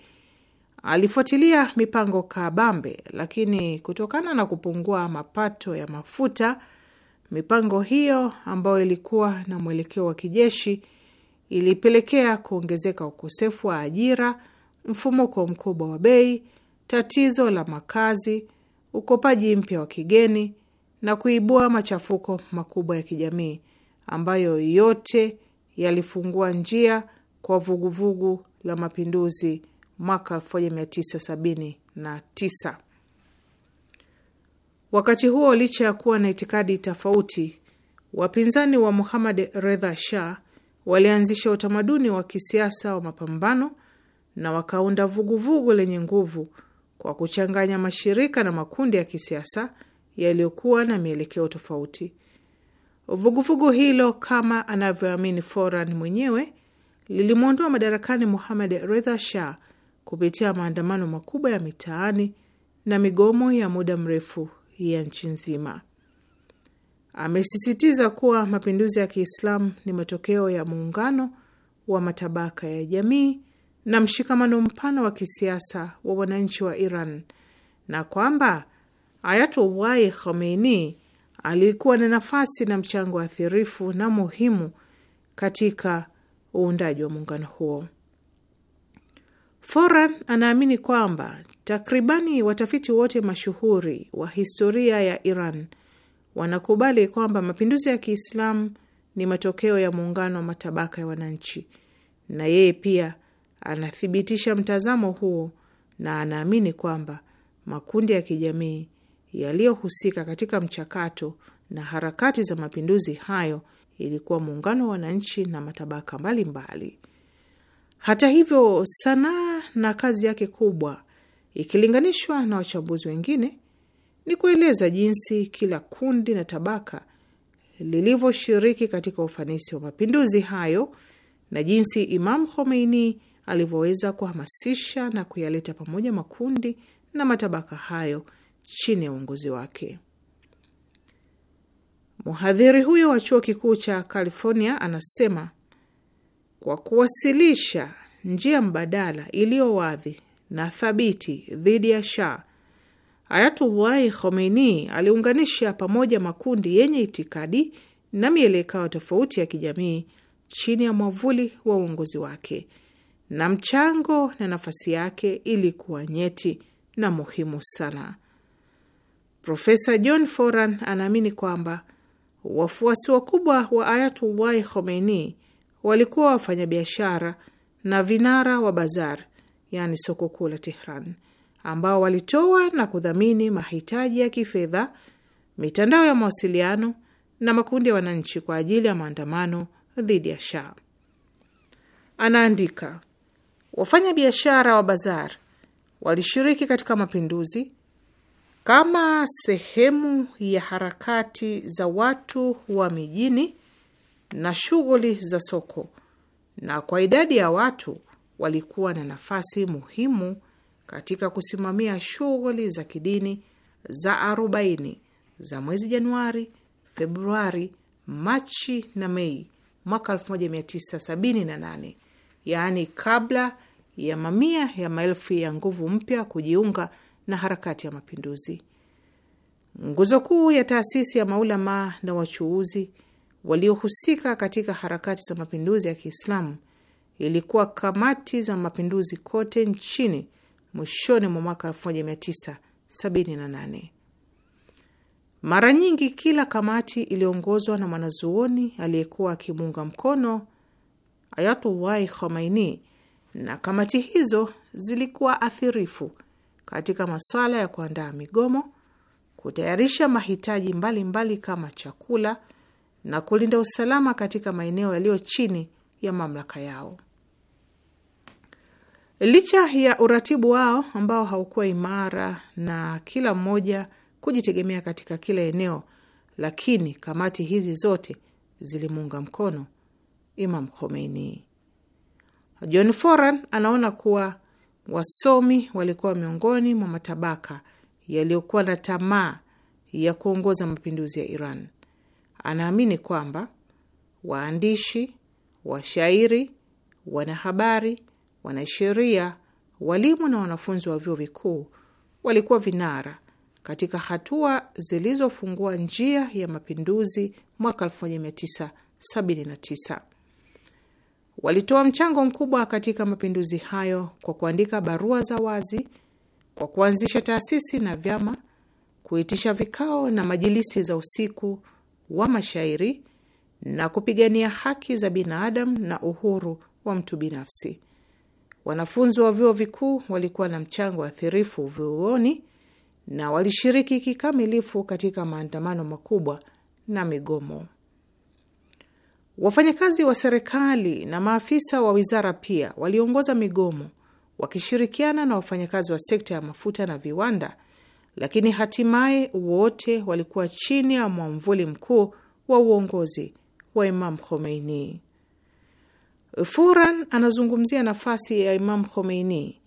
alifuatilia mipango kabambe, lakini kutokana na kupungua mapato ya mafuta Mipango hiyo ambayo ilikuwa na mwelekeo wa kijeshi ilipelekea kuongezeka ukosefu wa ajira, mfumuko mkubwa wa bei, tatizo la makazi, ukopaji mpya wa kigeni na kuibua machafuko makubwa ya kijamii ambayo yote yalifungua njia kwa vuguvugu la mapinduzi mwaka 1979. Wakati huo, licha ya kuwa na itikadi tofauti, wapinzani wa Muhammad Redha Shah walianzisha utamaduni wa kisiasa wa mapambano na wakaunda vuguvugu lenye nguvu kwa kuchanganya mashirika na makundi ya kisiasa yaliyokuwa na mielekeo tofauti. Vuguvugu hilo, kama anavyoamini Foran mwenyewe, lilimwondoa madarakani Muhammad Redha Shah kupitia maandamano makubwa ya mitaani na migomo ya muda mrefu ya nchi nzima. Amesisitiza kuwa mapinduzi ya Kiislamu ni matokeo ya muungano wa matabaka ya jamii na mshikamano mpana wa kisiasa wa wananchi wa Iran na kwamba Ayatullahi Khomeini alikuwa na nafasi na mchango athirifu na muhimu katika uundaji wa muungano huo. Foran anaamini kwamba Takribani watafiti wote mashuhuri wa historia ya Iran wanakubali kwamba mapinduzi ya Kiislamu ni matokeo ya muungano wa matabaka ya wananchi, na yeye pia anathibitisha mtazamo huo na anaamini kwamba makundi ya kijamii yaliyohusika katika mchakato na harakati za mapinduzi hayo ilikuwa muungano wa wananchi na matabaka mbalimbali mbali. Hata hivyo, sanaa na kazi yake kubwa ikilinganishwa na wachambuzi wengine, ni kueleza jinsi kila kundi na tabaka lilivyoshiriki katika ufanisi wa mapinduzi hayo na jinsi Imam Khomeini alivyoweza kuhamasisha na kuyaleta pamoja makundi na matabaka hayo chini ya uongozi wake. Mhadhiri huyo wa chuo kikuu cha California anasema, kwa kuwasilisha njia mbadala iliyo wadhi na thabiti dhidi ya Shah, Ayatullahi Khomeini aliunganisha pamoja makundi yenye itikadi na mielekeo tofauti ya kijamii chini ya mwavuli wa uongozi wake, na mchango na nafasi yake ilikuwa nyeti na muhimu sana. Profesa John Foran anaamini kwamba wafuasi wakubwa wa Ayatullahi Khomeini walikuwa wafanyabiashara na vinara wa bazari yaani soko kuu la Tehran, ambao walitoa na kudhamini mahitaji ya kifedha, mitandao ya mawasiliano na makundi ya wananchi kwa ajili ya maandamano dhidi ya Shah. Anaandika, wafanya biashara wa bazar walishiriki katika mapinduzi kama sehemu ya harakati za watu wa mijini na shughuli za soko, na kwa idadi ya watu walikuwa na nafasi muhimu katika kusimamia shughuli za kidini za arobaini za mwezi Januari, Februari, Machi na Mei mwaka 1978, yaani kabla ya mamia ya maelfu ya nguvu mpya kujiunga na harakati ya mapinduzi. Nguzo kuu ya taasisi ya maulamaa na wachuuzi waliohusika katika harakati za mapinduzi ya Kiislamu ilikuwa kamati za mapinduzi kote nchini mwishoni mwa mwaka 1978. Mara nyingi kila kamati iliongozwa na mwanazuoni aliyekuwa akimuunga mkono Ayatullahi Khomeini, na kamati hizo zilikuwa athirifu katika masuala ya kuandaa migomo, kutayarisha mahitaji mbalimbali mbali kama chakula na kulinda usalama katika maeneo yaliyo chini ya mamlaka yao. Licha ya uratibu wao ambao haukuwa imara na kila mmoja kujitegemea katika kila eneo, lakini kamati hizi zote zilimuunga mkono Imam Khomeini. John Foran anaona kuwa wasomi walikuwa miongoni mwa matabaka yaliyokuwa na tamaa ya kuongoza mapinduzi ya Iran. Anaamini kwamba waandishi, washairi, wanahabari wanasheria, walimu na wanafunzi wa vyuo vikuu walikuwa vinara katika hatua zilizofungua njia ya mapinduzi mwaka 1979. Walitoa mchango mkubwa katika mapinduzi hayo kwa kuandika barua za wazi, kwa kuanzisha taasisi na vyama, kuitisha vikao na majilisi za usiku wa mashairi na kupigania haki za binadamu na uhuru wa mtu binafsi. Wanafunzi wa vyuo vikuu walikuwa na mchango athirifu vyuoni na walishiriki kikamilifu katika maandamano makubwa na migomo. Wafanyakazi wa serikali na maafisa wa wizara pia waliongoza migomo wakishirikiana na wafanyakazi wa sekta ya mafuta na viwanda, lakini hatimaye wote walikuwa chini ya mwamvuli mkuu wa uongozi wa Imam Khomeini. Furan anazungumzia nafasi ya Imam Khomeini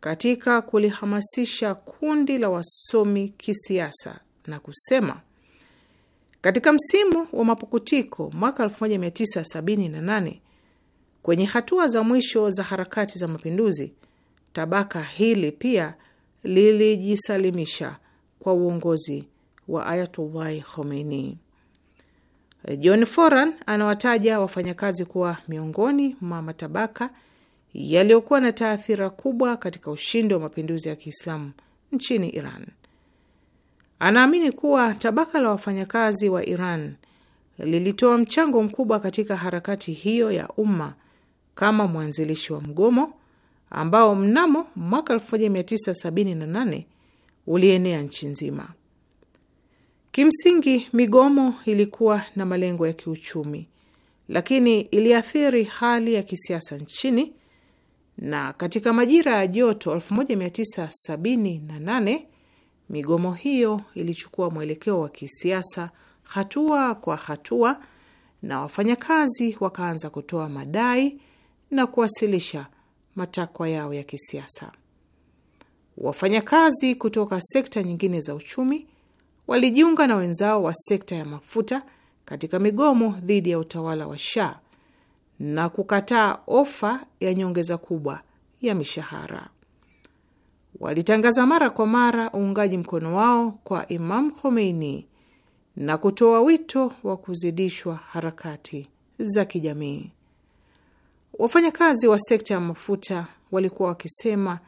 katika kulihamasisha kundi la wasomi kisiasa na kusema, katika msimu wa mapukutiko mwaka 1978 kwenye hatua za mwisho za harakati za mapinduzi, tabaka hili pia lilijisalimisha kwa uongozi wa Ayatullahi Khomeini. Eh, John Foran anawataja wafanyakazi kuwa miongoni mwa matabaka yaliyokuwa na taathira kubwa katika ushindi wa mapinduzi ya Kiislamu nchini Iran. Anaamini kuwa tabaka la wafanyakazi wa Iran lilitoa mchango mkubwa katika harakati hiyo ya umma kama mwanzilishi wa mgomo ambao mnamo mwaka 1978 ulienea nchi nzima. Kimsingi, migomo ilikuwa na malengo ya kiuchumi, lakini iliathiri hali ya kisiasa nchini, na katika majira ya joto 1978 migomo hiyo ilichukua mwelekeo wa kisiasa hatua kwa hatua, na wafanyakazi wakaanza kutoa madai na kuwasilisha matakwa yao ya kisiasa. Wafanyakazi kutoka sekta nyingine za uchumi walijiunga na wenzao wa sekta ya mafuta katika migomo dhidi ya utawala wa Shah na kukataa ofa ya nyongeza kubwa ya mishahara. Walitangaza mara kwa mara uungaji mkono wao kwa Imam Khomeini na kutoa wito wa kuzidishwa harakati za kijamii. Wafanyakazi wa sekta ya mafuta walikuwa wakisema,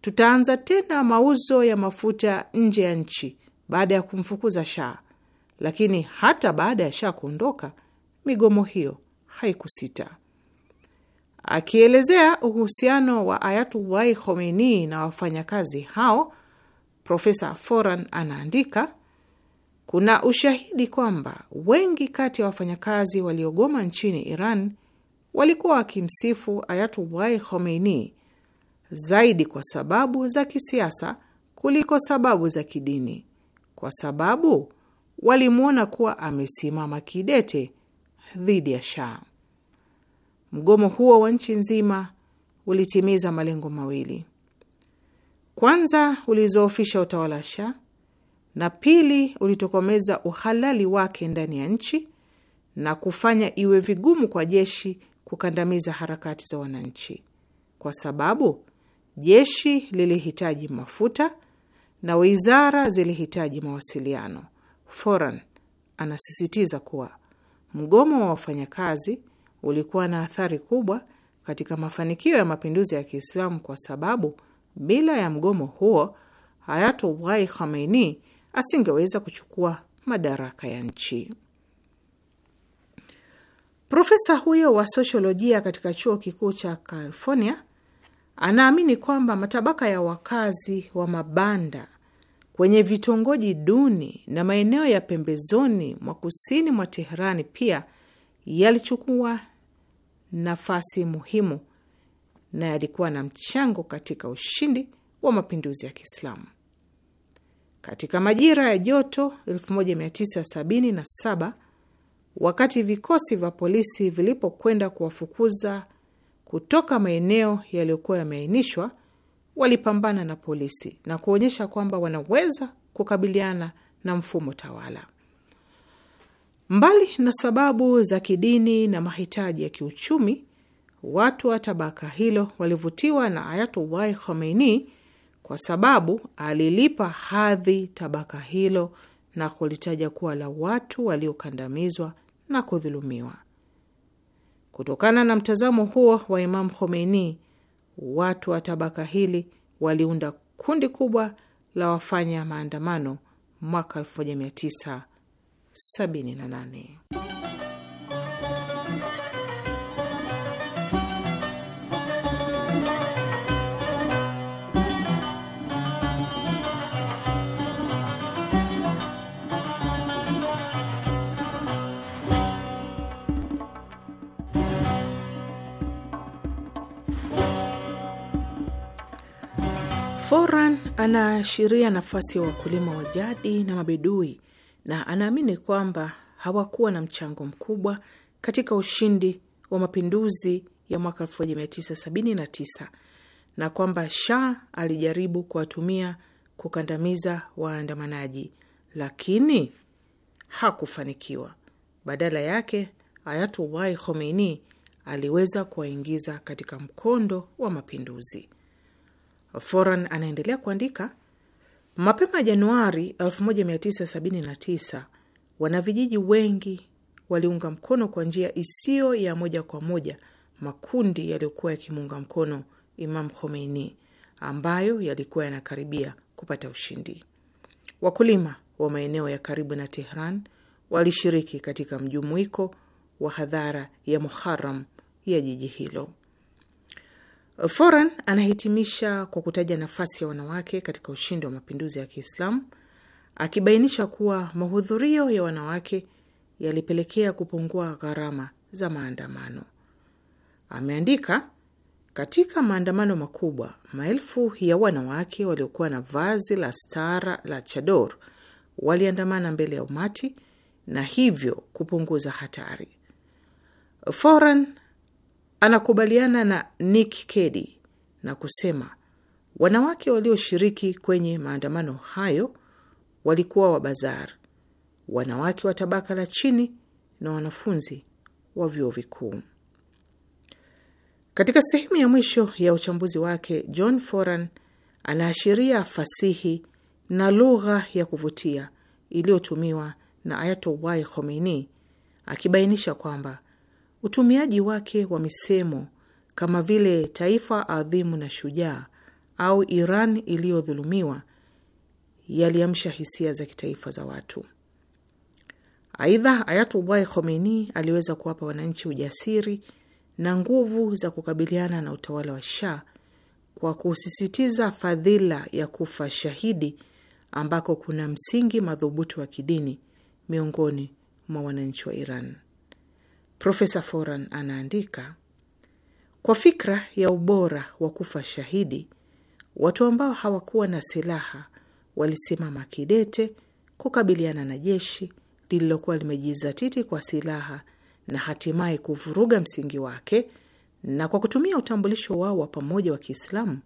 tutaanza tena mauzo ya mafuta nje ya nchi baada ya kumfukuza Shah, lakini hata baada ya Shah kuondoka, migomo hiyo haikusita. Akielezea uhusiano wa Ayatullahi Khomeini na wafanyakazi hao, Profesa Foran anaandika, kuna ushahidi kwamba wengi kati ya wafanyakazi waliogoma nchini Iran walikuwa wakimsifu Ayatullahi Khomeini zaidi kwa sababu za kisiasa kuliko sababu za kidini kwa sababu walimwona kuwa amesimama kidete dhidi ya Shah. Mgomo huo wa nchi nzima ulitimiza malengo mawili: kwanza, ulizoofisha utawala wa Shah na pili, ulitokomeza uhalali wake ndani ya nchi na kufanya iwe vigumu kwa jeshi kukandamiza harakati za wananchi, kwa sababu jeshi lilihitaji mafuta na wizara zilihitaji mawasiliano. Foran anasisitiza kuwa mgomo wa wafanyakazi ulikuwa na athari kubwa katika mafanikio ya mapinduzi ya Kiislamu kwa sababu bila ya mgomo huo Ayatullahi Khomeini asingeweza kuchukua madaraka ya nchi. Profesa huyo wa sosiolojia katika chuo kikuu cha California Anaamini kwamba matabaka ya wakazi wa mabanda kwenye vitongoji duni na maeneo ya pembezoni mwa kusini mwa Teherani pia yalichukua nafasi muhimu na yalikuwa na mchango katika ushindi wa mapinduzi ya Kiislamu. Katika majira ya joto 1977 wakati vikosi vya polisi vilipokwenda kuwafukuza kutoka maeneo yaliyokuwa yameainishwa, walipambana na polisi na kuonyesha kwamba wanaweza kukabiliana na mfumo tawala. Mbali na sababu za kidini na mahitaji ya kiuchumi, watu wa tabaka hilo walivutiwa na Ayatullahi Khomeini kwa sababu alilipa hadhi tabaka hilo na kulitaja kuwa la watu waliokandamizwa na kudhulumiwa. Kutokana na mtazamo huo wa Imamu Khomeini, watu wa tabaka hili waliunda kundi kubwa la wafanya maandamano mwaka 1978. Foran anaashiria nafasi ya wakulima wa jadi na mabedui na anaamini kwamba hawakuwa na mchango mkubwa katika ushindi wa mapinduzi ya mwaka 1979 na kwamba Shah alijaribu kuwatumia kukandamiza waandamanaji, lakini hakufanikiwa. Badala yake, Ayatullah Khomeini aliweza kuwaingiza katika mkondo wa mapinduzi. Foran anaendelea kuandika, mapema Januari 1979 wanavijiji wengi waliunga mkono kwa njia isiyo ya moja kwa moja makundi yaliyokuwa yakimuunga mkono Imam Khomeini ambayo yalikuwa yanakaribia kupata ushindi. Wakulima wa maeneo ya karibu na Tehran walishiriki katika mjumuiko wa hadhara ya Muharram ya jiji hilo. Foran anahitimisha kwa kutaja nafasi ya wanawake katika ushindi wa mapinduzi ya Kiislamu, akibainisha kuwa mahudhurio ya wanawake yalipelekea kupungua gharama za maandamano. Ameandika, katika maandamano makubwa, maelfu ya wanawake waliokuwa na vazi la stara la chador waliandamana mbele ya umati na hivyo kupunguza hatari. Foran Anakubaliana na Nick Kedi na kusema wanawake walioshiriki kwenye maandamano hayo walikuwa wa bazar wanawake wa tabaka la chini na wanafunzi wa vyuo vikuu. Katika sehemu ya mwisho ya uchambuzi wake, John Foran anaashiria fasihi na lugha ya kuvutia iliyotumiwa na Ayatollah Khomeini akibainisha kwamba Utumiaji wake wa misemo kama vile taifa adhimu na shujaa au Iran iliyodhulumiwa yaliamsha hisia za kitaifa za watu. Aidha, Ayatullahi Khomeini aliweza kuwapa wananchi ujasiri na nguvu za kukabiliana na utawala wa Shah kwa kusisitiza fadhila ya kufa shahidi, ambako kuna msingi madhubuti wa kidini miongoni mwa wananchi wa Iran. Profesa Foran anaandika, kwa fikra ya ubora wa kufa shahidi, watu ambao hawakuwa na silaha walisimama kidete kukabiliana na jeshi lililokuwa limejizatiti kwa silaha na hatimaye kuvuruga msingi wake, na kwa kutumia utambulisho wao wa pamoja wa Kiislamu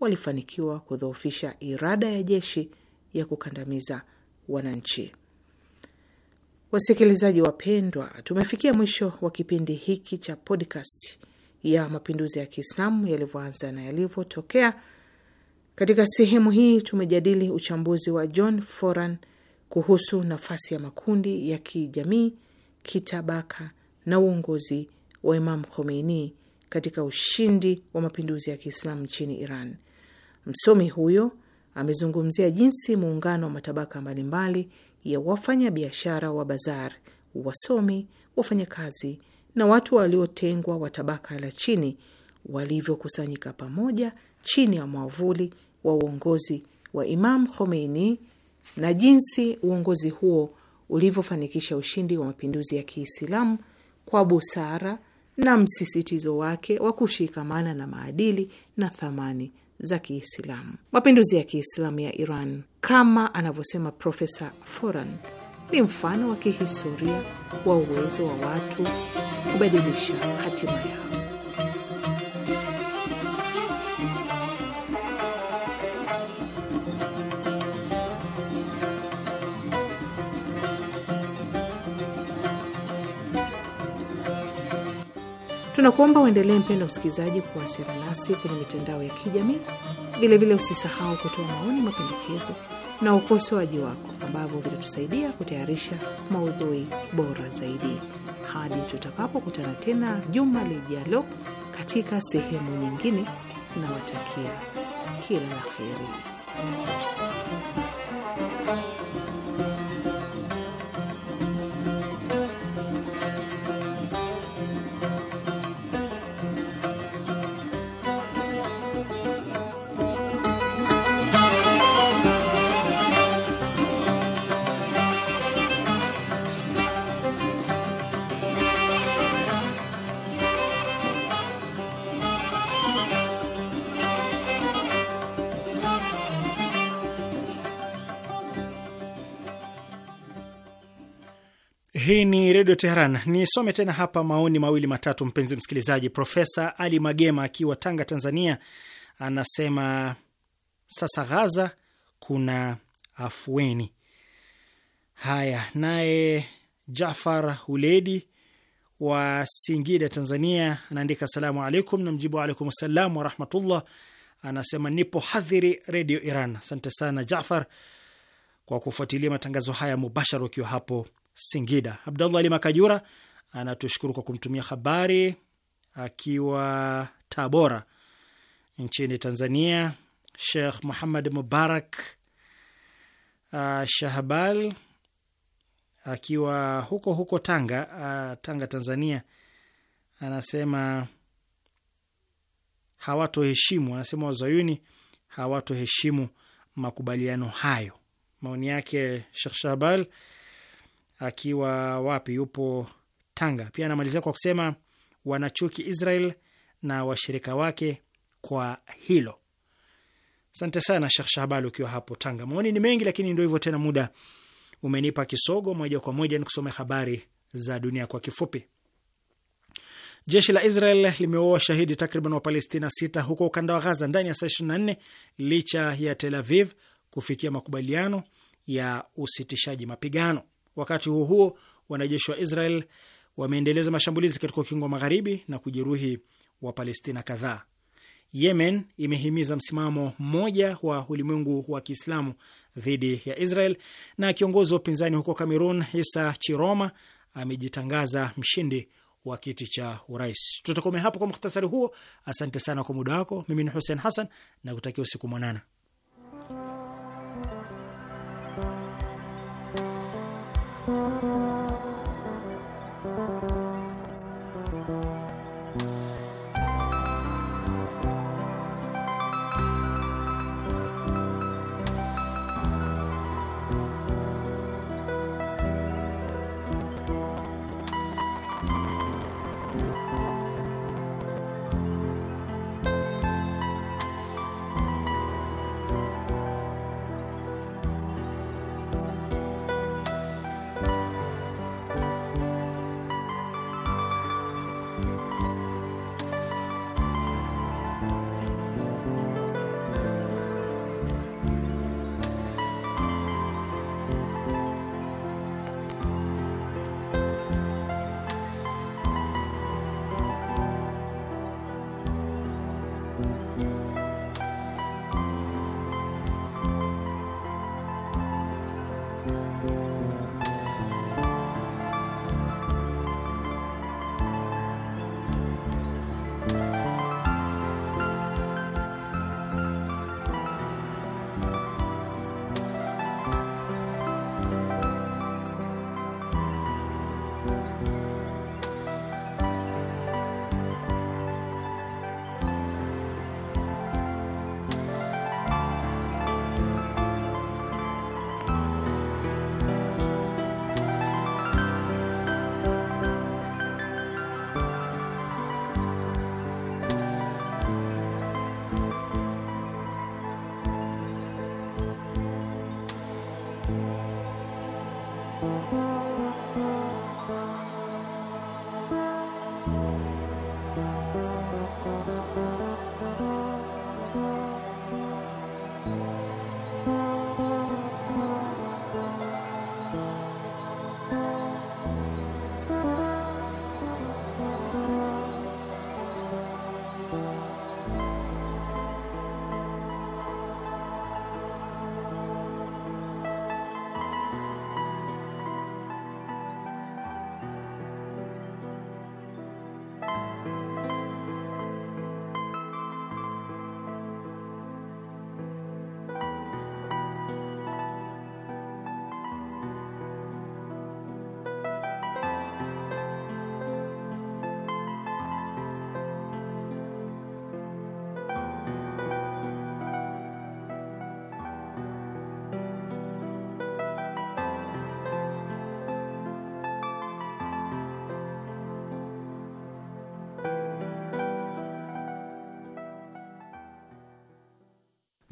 walifanikiwa kudhoofisha irada ya jeshi ya kukandamiza wananchi. Wasikilizaji wapendwa, tumefikia mwisho wa kipindi hiki cha podcast ya mapinduzi ya Kiislamu yalivyoanza na yalivyotokea. Katika sehemu hii tumejadili uchambuzi wa John Foran kuhusu nafasi ya makundi ya kijamii, kitabaka na uongozi wa Imam Khomeini katika ushindi wa mapinduzi ya Kiislamu nchini Iran. Msomi huyo amezungumzia jinsi muungano wa matabaka mbalimbali ya wafanyabiashara wa bazar, wasomi, wafanyakazi na watu waliotengwa wa tabaka la chini walivyokusanyika pamoja chini ya mwavuli wa uongozi wa Imam Khomeini na jinsi uongozi huo ulivyofanikisha ushindi wa mapinduzi ya Kiislamu kwa busara na msisitizo wake wa kushikamana na maadili na thamani za Kiislamu. Mapinduzi ya Kiislamu ya Iran, kama anavyosema Profesa Foran, ni mfano wa kihistoria wa uwezo wa watu kubadilisha hatima yao. Tunakuomba uendelee, mpendo msikilizaji, kuwasiliana nasi kwenye mitandao ya kijamii. Vilevile usisahau kutoa maoni, mapendekezo na ukosoaji wako ambavyo vitatusaidia kutayarisha maudhui bora zaidi. Hadi tutakapokutana tena juma lijalo katika sehemu nyingine, na watakia kila la heri. Hii ni Redio Teheran. Nisome tena hapa maoni mawili matatu, mpenzi msikilizaji. Profesa Ali Magema akiwa Tanga, Tanzania, anasema sasa Ghaza kuna afueni. Haya, naye Jafar Huledi wa Singida, Tanzania, anaandika salamu alaikum, na mjibu alaikum salam warahmatullah. Anasema nipo hadhiri Redio Iran. Asante sana Jafar kwa kufuatilia matangazo haya mubashara ukiwa hapo Singida. Abdallah Ali Makajura anatushukuru kwa kumtumia habari akiwa Tabora nchini Tanzania. Sheikh Muhammad Mubarak uh, Shahbal akiwa huko huko Tanga, uh, Tanga Tanzania, anasema hawatoheshimu, anasema wazayuni hawatoheshimu makubaliano hayo. Maoni yake Sheikh Shahbal akiwa wapi? Yupo Tanga. Pia anamalizia kwa kusema wanachuki Israel na washirika wake kwa hilo. Asante sana Shekh Shahbal ukiwa hapo Tanga. Maoni ni mengi, lakini ndio hivyo tena, muda umenipa kisogo. Moja kwa moja ni kusome habari za dunia kwa kifupi. Jeshi la Israel limeua shahidi takriban Wapalestina sita huko ukanda wa Ghaza ndani ya saa 24 licha ya Tel Aviv kufikia makubaliano ya usitishaji mapigano. Wakati huo huo, wanajeshi wa Israel wameendeleza mashambulizi katika ukingo wa magharibi na kujeruhi wa palestina kadhaa. Yemen imehimiza msimamo mmoja wa ulimwengu wa Kiislamu dhidi ya Israel, na kiongozi wa upinzani huko Cameroon Isa Chiroma amejitangaza mshindi wa kiti cha urais. Tutakomea hapo kwa muhtasari huo. Asante sana kwa muda wako. Mimi ni Hussein Hassan na kutakia usiku mwanana.